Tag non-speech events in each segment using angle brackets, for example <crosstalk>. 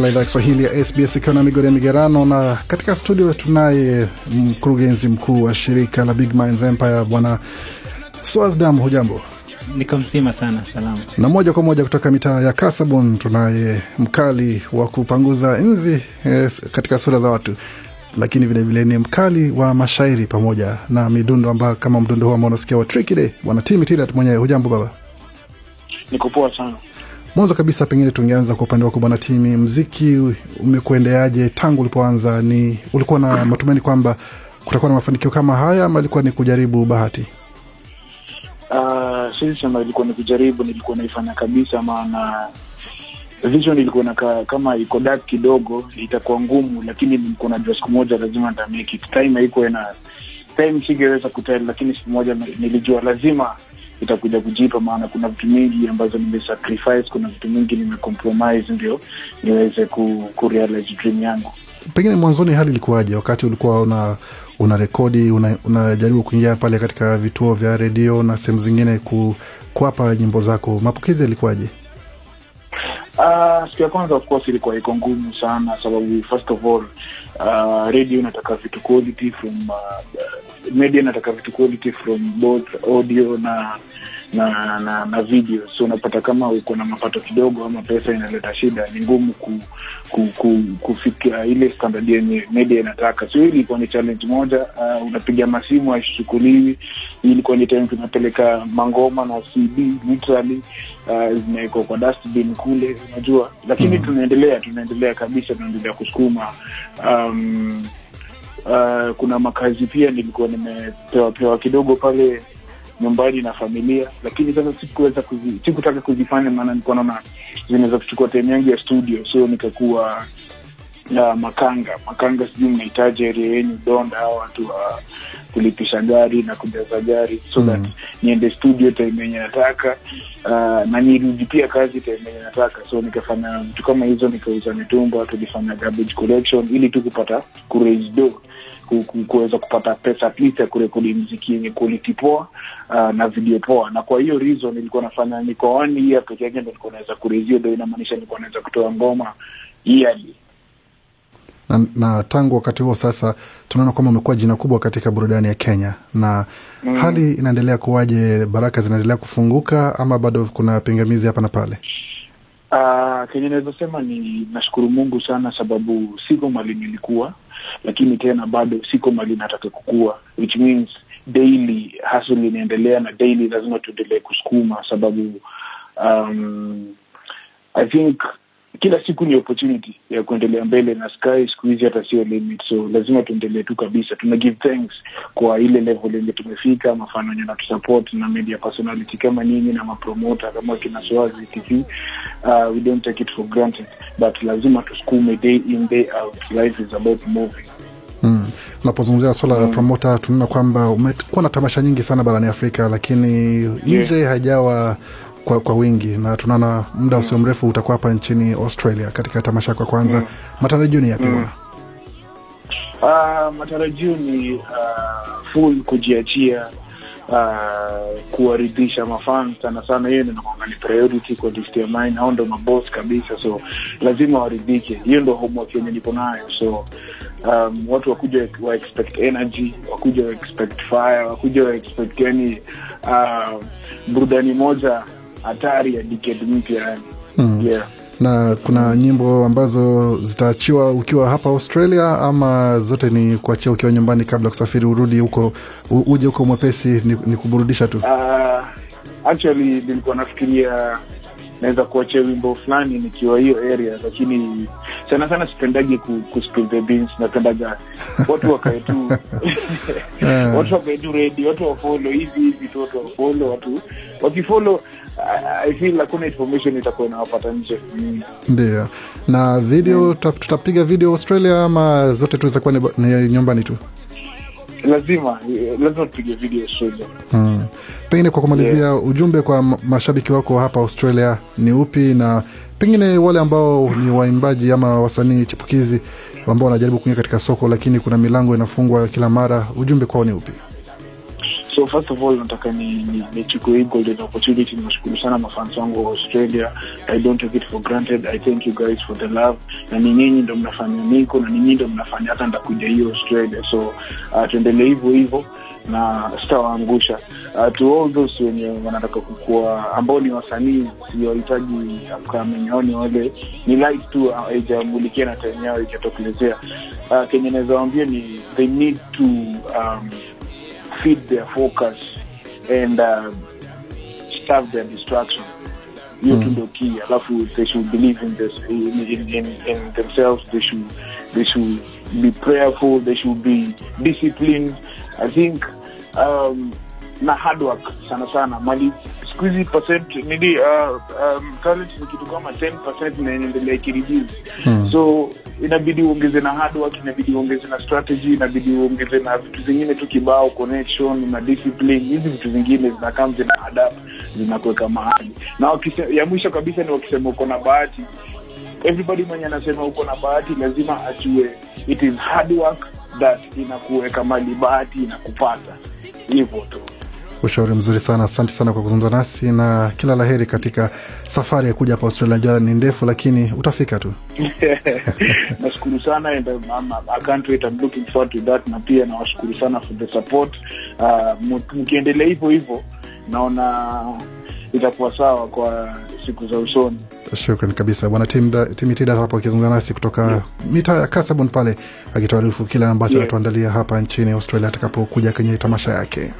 makala idhaa ya Kiswahili ya SBS ikiwa na migodi ya migerano, na katika studio tunaye mkurugenzi mkuu wa shirika la Big Minds Empire Bwana Swasdam. Hujambo? Niko mzima sana, salamu. Na moja kwa moja kutoka mitaa ya Kasabon tunaye mkali wa kupanguza nzi yes, eh, katika sura za watu, lakini vilevile ni mkali wa mashairi pamoja na midundo ambayo kama mdundo huu ambao unasikia wa Tricky Day Bwana Timitat mwenyewe. Hujambo baba? Niko poa sana. Mwanzo kabisa pengine tungeanza kwa upande wako bwana Timi, mziki umekuendeaje tangu ulipoanza? Ni ulikuwa na matumaini kwamba kutakuwa na mafanikio kama haya ama ilikuwa ni kujaribu bahati? Uh, siwezi sema ilikuwa ni kujaribu, nilikuwa naifanya kabisa, maana vision ilikuwa na kama iko dark kidogo, itakuwa ngumu, lakini nilikuwa najua siku moja lazima nita make it. Time haiko na time, singeweza kutel, lakini siku moja nilijua lazima itakuja kujipa, maana kuna vitu mingi ambazo nimesacrifice, kuna vitu mingi nimecompromise ndio niweze ku, ku realize dream yangu. Pengine mwanzoni hali ilikuwaje wakati ulikuwa una una rekodi unajaribu una kuingia pale katika vituo vya redio na sehemu zingine ku, kuwapa nyimbo zako, mapokezi yalikuwaje? Uh, siku ya kwanza of course ilikuwa iko ngumu sana, sababu first of all uh, ah, radio inataka vitu quality from uh, media inataka vitu quality from both audio na na na na video. So unapata kama uko na mapato kidogo ama pesa inaleta shida, ni ngumu ku, ku, ku, kufikia ile standard yenye media inataka. So hii ilikuwa ni challenge moja. Uh, unapiga masimu haishukuliwi. Hii ilikuwa ni time tunapeleka mangoma na CD literally uh, kwa dustbin kule, unajua, lakini mm, tunaendelea tunaendelea kabisa, tunaendelea kusukuma um, Uh, kuna makazi pia nilikuwa nimepewa pewa kidogo pale nyumbani na familia, lakini sasa sikuweza kuzi, sikutaka kuzifanya, maana nilikuwa naona zinaweza kuchukua time yangu ya studio, so nikakuwa ya Makanga. Makanga sijui mnahitaji area yenyu Donda, au watu wa kulipisha gari na kujaza gari so mm. that niende studio taimenye nataka uh, na nirudi pia kazi taimenye nataka. So nikafanya vitu kama hizo, nikauza mitumba, tulifanya garbage collection ili tu kupata kuraise kuweza kupata pesa at ya kurekodi mziki yenye quality poa uh, na video poa. Na kwa hiyo reason nilikuwa nafanya, niko one year peke yake ndo nilikuwa naweza kurizio, ndo inamaanisha nilikuwa naweza kutoa ngoma yearly na, na tangu wakati huo sasa tunaona kwamba umekuwa jina kubwa katika burudani ya Kenya na mm. hali inaendelea kuwaje? Baraka zinaendelea kufunguka ama bado kuna pingamizi hapa na pale? Uh, kenye naweza sema ni nashukuru Mungu sana, sababu siko mali nilikuwa, lakini tena bado siko mali nataka kukua, which means daily hustle inaendelea na daily lazima tuendelee kusukuma, sababu um, I think kila siku ni opportunity ya kuendelea mbele, na sky siku hizi hata sio limit, so lazima tuendelee tu kabisa. Tuna give thanks kwa ile level yenye tumefika, mafano wenye natusupport na media personality kama nyinyi na mapromota kama kina Swazi TV. Uh, we don't take it for granted, but lazima tusukume day in day out, life is about moving. Hmm. Unapozungumzia mm. swala la mm. promota, tunaona kwamba umekuwa na tamasha nyingi sana barani Afrika, lakini nje yeah. haijawa kwa, kwa wingi na tunaona muda mm. usio mrefu utakuwa hapa nchini Australia katika tamasha kwa kwanza yeah. Mm. matarajio ni yapi mm. bwana? Uh, matarajio ni uh, ah, ful kujiachia uh, kuwaridhisha mafan sana sana, hiyo ninakwanga ni priority kwa list ya mine. Hao ndo mabos kabisa, so lazima waridhike. Hiyo ndo homework yenye niko nayo, so um, watu wakuja wa expect energy, wakuja wa expect fire, wakuja wa expect yani uh, burudani moja hatari ya decade mpya yani. mm. yeah na kuna nyimbo ambazo zitaachiwa ukiwa hapa Australia ama zote ni kuachia ukiwa nyumbani kabla ya kusafiri urudi huko uje huko mwepesi ni, ni kuburudisha tu? Uh, actually nilikuwa nafikiria naweza kuachia wimbo fulani nikiwa hiyo area, lakini sana sana sipendagi ku, ku spill the beans. Napendaga <laughs> watu wakae tu eh. <laughs> watu wakae tu ready, watu wafolo hivi hivi tu, watu wafolo watu wakifolo Ah, ah, mm. Ndio, na video mm. tutapiga video Australia ama zote tuweza kuwa ni nyumbani tu? Lazima lazima tupige video Australia. Mm. Pengine kwa kumalizia, yeah, ujumbe kwa mashabiki wako hapa Australia ni upi, na pengine wale ambao ni waimbaji ama wasanii chipukizi ambao wanajaribu kuingia katika soko, lakini kuna milango inafungwa kila mara, ujumbe kwao ni upi? So first of all nataka nichukue ni, ni hii golden opportunity, nashukuru sana mafans wangu wa Australia. I don't take it for granted. I thank you guys for the love, na ni nyinyi ndo mnafanya niko na ni nyinyi ndo mnafanya hata ndakuja hiyo Australia. So uh, tuendelee hivyo hivyo na sitawaangusha. Uh, to all those wenye wanataka kukua ambao ni wasanii, siwahitaji kamenyaoni wale ni live tu, uh, haijamulikia na time yao ijatokelezea. Uh, kenye nawezawambia ni they need to um, feed their focus and um, starve their distraction hiyo mm. ndio key alafu they should believe in, this, in, in, in, in themselves they should, they should be prayerful they should be disciplined i think um, na hard work sana sana mali siku hizi percent nili uh, um, ni kitu kama 10% na inaendelea ikiriduce hmm. so inabidi uongeze na hard inabidi uongeze na strategy, inabidi uongeze na vitu zingine tu kibao, connection na discipline. Hizi vitu zingine zinakam zina adap zinakuweka mahali, na wakise, ya mwisho kabisa ni wakisema uko na bahati. Everybody mwenye anasema uko na bahati lazima ajue it is hard work that inakuweka mali, bahati inakupata hivo tu. Ushauri mzuri sana, asante sana kwa kuzungumza nasi na kila la heri katika safari ya kuja hapa Australia. Jua ni ndefu, lakini utafika tu. <laughs> Nashukuru sana and, um, I can't wait. I'm looking forward to that, na pia nawashukuru sana for the support. Uh, mkiendelea hivyo hivyo, naona itakuwa sawa kwa siku za usoni. Shukran kabisa bwana Timitida hapo akizungumza nasi kutoka yeah, mitaa ya Kasabon pale akituarifu kile ambacho anatuandalia yeah, hapa nchini Australia atakapokuja kwenye tamasha yake.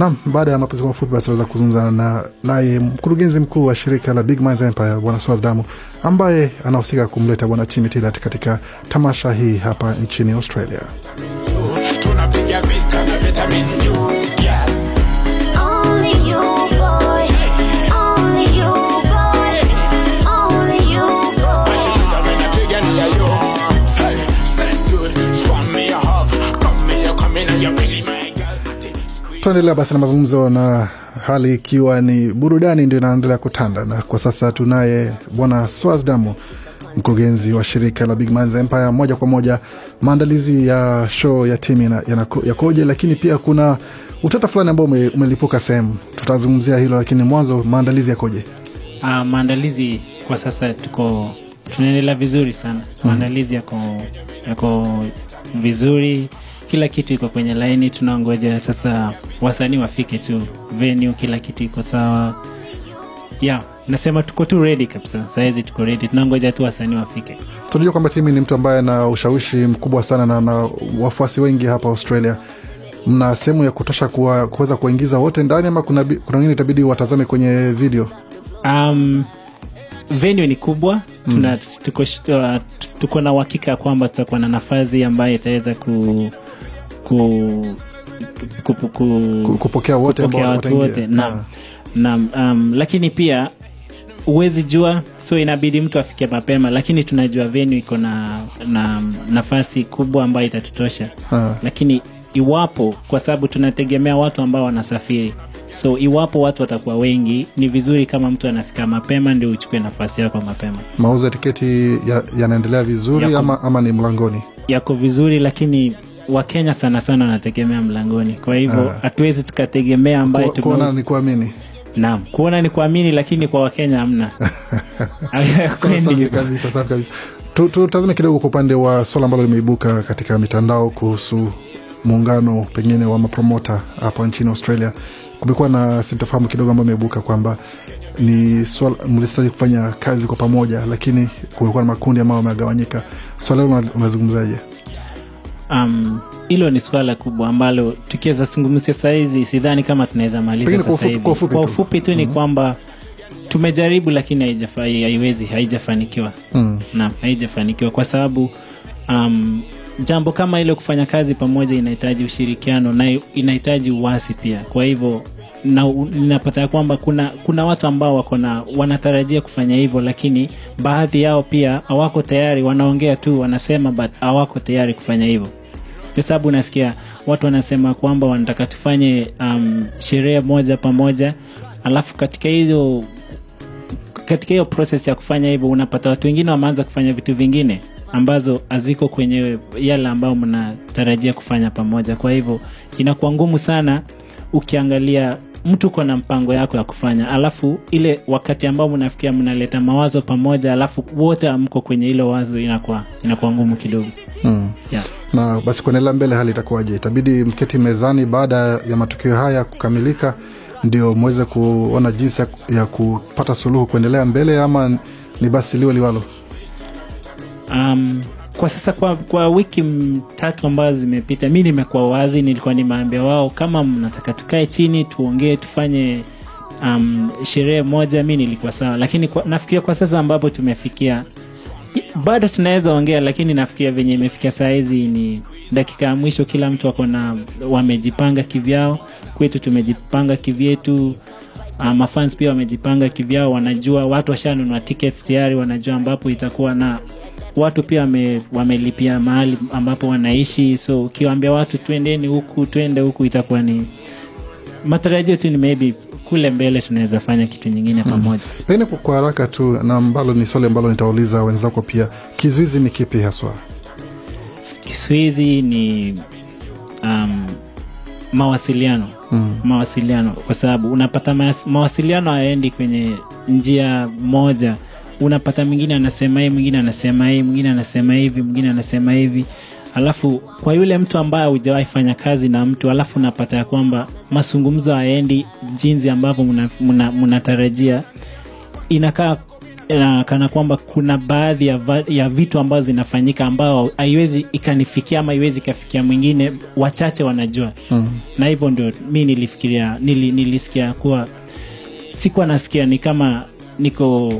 Naam, baada ya mapumziko mafupi basi naweza kuzungumza na naye mkurugenzi mkuu wa shirika la Big Minds Empire Bwana Swaz Damu ambaye anahusika kumleta Bwana Timothy katika tamasha hii hapa nchini Australia. Tuendelea basi na mazungumzo na hali ikiwa ni burudani ndio inaendelea kutanda, na kwa sasa tunaye bwana swasdamu mkurugenzi wa shirika la Big Man's Empire. Moja kwa moja, maandalizi ya show ya timu yakoje? Lakini pia kuna utata fulani ambao ume, umelipuka sehemu, tutazungumzia hilo, lakini mwanzo maandalizi yakoje? Uh, maandalizi kwa sasa tuko tunaendelea vizuri sana, maandalizi yako, yako vizuri kila kitu iko kwenye laini, tunangoja sasa wasanii wafike tu venue, kila kitu iko sawa yeah. Nasema tuko tu redi kabisa, sahizi tuko redi tunangoja tu wasanii wafike. Tunajua kwamba Timi ni mtu ambaye ana ushawishi mkubwa sana na na wafuasi wengi hapa Australia. Mna sehemu ya kutosha kuweza kuwaingiza wote ndani ama kuna, kuna wengine itabidi watazame kwenye video? Um, venue ni kubwa hmm. tuna, mm. tuko, uh, tuko na uhakika ya kwamba tutakuwa na nafasi ambayo itaweza ku ku, ku, ku, ku, kupokea wote kupokea watu wote na, um, lakini pia huwezi jua so inabidi mtu afike mapema lakini tunajua venue iko na, na nafasi kubwa ambayo itatutosha ha. lakini iwapo kwa sababu tunategemea watu ambao wanasafiri so iwapo watu watakuwa wengi ni vizuri kama mtu anafika mapema ndio uchukue nafasi yako mapema mauzo ya tiketi yanaendelea ya vizuri yako, ama, ama ni mlangoni yako vizuri lakini Wakenya sana sana wanategemea mlangoni, kwa hivyo ah. hatuwezi tukategemea ambaye kuona ni kuamini. nam kuona ni kuamini, lakini kwa Wakenya hamna. <laughs> Tutazame kidogo kwa upande wa swala ambalo limeibuka katika mitandao kuhusu muungano pengine wa mapromota hapa nchini Australia. Kumekuwa na sintofahamu kidogo ambayo imeibuka kwamba ni swala kufanya kazi kwa pamoja, lakini kumekuwa na makundi ambayo wamegawanyika. Swala hilo unazungumzaje? Um, hilo ni suala kubwa ambalo tukiweza zungumzia sahizi sidhani kama tunaweza maliza sasa hivi. Kwa ufupi tu ni mm -hmm. kwamba tumejaribu lakini haiwezi haijafanikiwa mm. na haijafanikiwa kwa sababu um, jambo kama hilo kufanya kazi pamoja inahitaji ushirikiano na inahitaji uwasi pia kwa hivyo ninapata ya kwamba kuna, kuna watu ambao wako na wanatarajia kufanya hivyo lakini baadhi yao pia hawako tayari wanaongea tu wanasema but hawako tayari kufanya hivyo kwa sababu unasikia watu wanasema kwamba wanataka tufanye um, sherehe moja pamoja, alafu katika hiyo katika hiyo proses ya kufanya hivyo unapata watu wengine wameanza kufanya vitu vingine ambazo haziko kwenye yale ambayo mnatarajia kufanya pamoja. Kwa hivyo inakuwa ngumu sana ukiangalia mtu uko na mpango yako ya kufanya, alafu ile wakati ambao mnafikia mnaleta mawazo pamoja, alafu wote amko kwenye hilo wazo, inakuwa inakuwa ngumu kidogo mm. yeah. Na basi kuendelea mbele, hali itakuwaje? Itabidi mketi mezani baada ya matukio haya kukamilika, ndio mweze kuona jinsi ya kupata suluhu kuendelea mbele, ama ni basi liwe liwalo? um, kwa sasa kwa, kwa wiki tatu ambazo zimepita, mi nimekuwa wazi, nilikuwa nimeambia wao kama mnataka tukae chini tuongee tufanye um, sherehe moja, mi nilikuwa sawa, lakini kwa, nafikiria kwa sasa ambapo tumefikia bado tunaweza ongea, lakini nafikiria venye imefikia sahizi ni dakika ya mwisho, kila mtu ako na wamejipanga kivyao. Kwetu tumejipanga kivyetu, uh, mafans pia wamejipanga kivyao, wanajua watu washanunua tickets tayari, wanajua ambapo itakuwa na watu pia wame, wamelipia mahali ambapo wanaishi, so ukiwambia watu twendeni huku twende huku itakuwa ni matarajio tu ni maybe kule mbele tunaweza fanya kitu nyingine mm. pamoja mm. Pengine kwa haraka tu, na ambalo ni swali ambalo nitauliza wenzako pia, kizuizi ni kipi haswa? Kizuizi ni um, mawasiliano mm. Mawasiliano, kwa sababu unapata mawasiliano hayaendi kwenye njia moja unapata mwingine anasema hii mwingine anasema hii mwingine anasema hivi mwingine anasema hivi alafu kwa yule mtu ambaye hujawahi fanya kazi na mtu alafu unapata ya kwamba mazungumzo haendi jinsi ambavyo mnatarajia inakaa na kana kwamba kuna baadhi ya, va, ya vitu ambazo zinafanyika ambao haiwezi ikanifikia ama iwezi ikafikia mwingine wachache wanajua mm. na hivyo ndio mi nilifikiria nili, nilisikia kuwa sikuwa nasikia ni kama niko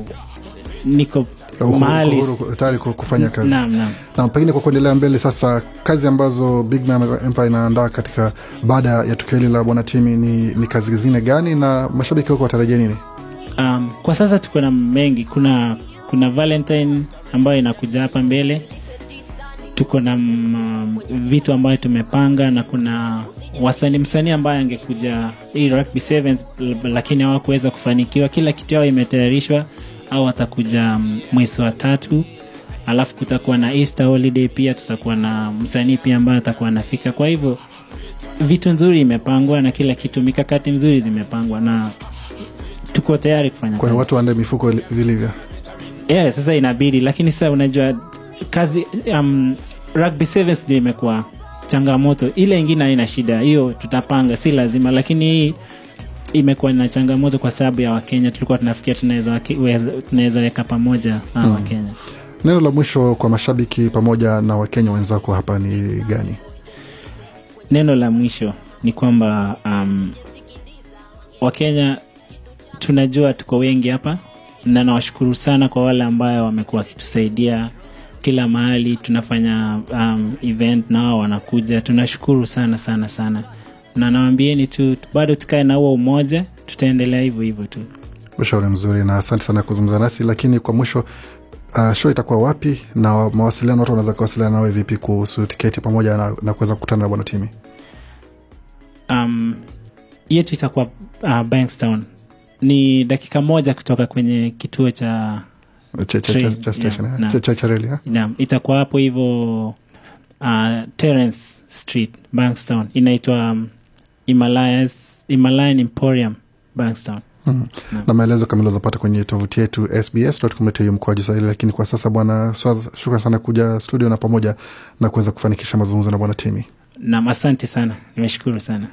niko mahali tayari kufanya kazi Na, pengine kwa kuendelea mbele sasa, kazi ambazo Big Empire inaandaa katika baada ya tukio hili la Bwana Timi ni, ni kazi zingine gani na mashabiki wako watarajia nini? Um, kwa sasa tuko na mengi, kuna kuna Valentine ambayo inakuja hapa mbele tuko na mm, um, vitu ambayo tumepanga na kuna wasani msanii ambaye angekuja hii rugby sevens, lakini hawakuweza kufanikiwa. Kila kitu yao imetayarishwa au atakuja mwezi wa tatu alafu kutakuwa na Easter holiday pia tutakuwa na msanii pia ambaye atakuwa anafika kwa hivyo vitu nzuri imepangwa na kila kitu mikakati mzuri zimepangwa na tuko tayari kufanya kwa watu waende mifuko vilivyo yeah, sasa inabidi lakini sasa unajua kazi um, rugby sevens ndio imekuwa changamoto ile ingine haina shida hiyo tutapanga si lazima lakini hii imekuwa na changamoto kwa sababu ya wakenya tulikuwa tunafikia tunaweza weka pamoja ah, hmm. wakenya neno la mwisho kwa mashabiki pamoja na wakenya wenzako hapa ni gani neno la mwisho ni kwamba um, wakenya tunajua tuko wengi hapa na nawashukuru sana kwa wale ambayo wamekuwa wakitusaidia kila mahali tunafanya um, event na wao wanakuja tunashukuru sana sana sana na nawambieni tu bado tukae na huo umoja, tutaendelea hivyo hivyo tu. Ushauri mzuri na asante sana kuzungumza nasi, lakini kwa mwisho Uh, sho itakuwa wapi na mawasiliano, watu wanaweza kuwasiliana nawe vipi kuhusu tiketi pamoja na, na kuweza kukutana na bwana Timi? Um, yetu itakuwa uh, Bankstown, ni dakika moja kutoka kwenye kituo cha cha itakuwa hapo hivyo, uh, Terence Street, Bankstown inaitwa um, Himalayan Emporium Bankstown. Hmm. na maelezo kamili azapata kwenye tovuti yetu sbs.com.au Lakini kwa sasa bwana Swaz, shukran sana kuja studio na pamoja na kuweza kufanikisha mazungumzo na bwana Timi. Nam, asante sana, nimeshukuru sana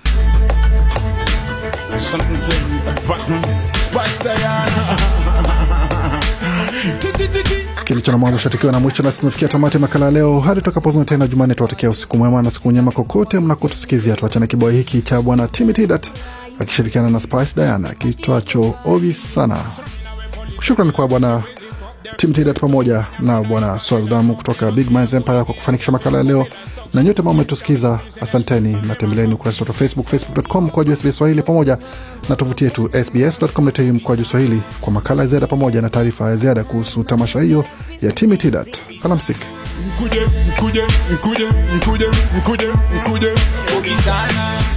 kilicho na mwanzo shatikiwa na mwisho, nasi tumefikia tamati makala ya leo. Hadi tutakapozana tena Jumanne, tuwatakia usiku mwema na siku nyema kokote mnakotusikizia. tuachana kibao hiki cha bwana Timothy akishirikiana na Spice Diana kitwacho ovi sana. Shukran kwa bwana Tim pamoja na bwana Swazdamu kutoka Big Minds Empire kwa kufanikisha makala ya leo, na nyote ambao metusikiza asanteni na tembeleni ukurasa wetu wa Facebook, facebook.com kwa SBS Swahili, pamoja na tovuti yetu sbs.com.au kwa Swahili kwa makala ya ziada pamoja na taarifa ya ziada kuhusu tamasha hiyo ya timtdat Tidet. Alamsik. mkuje, mkuje, mkuje, mkuje, mkuje, mkuje, mkuje, mkuje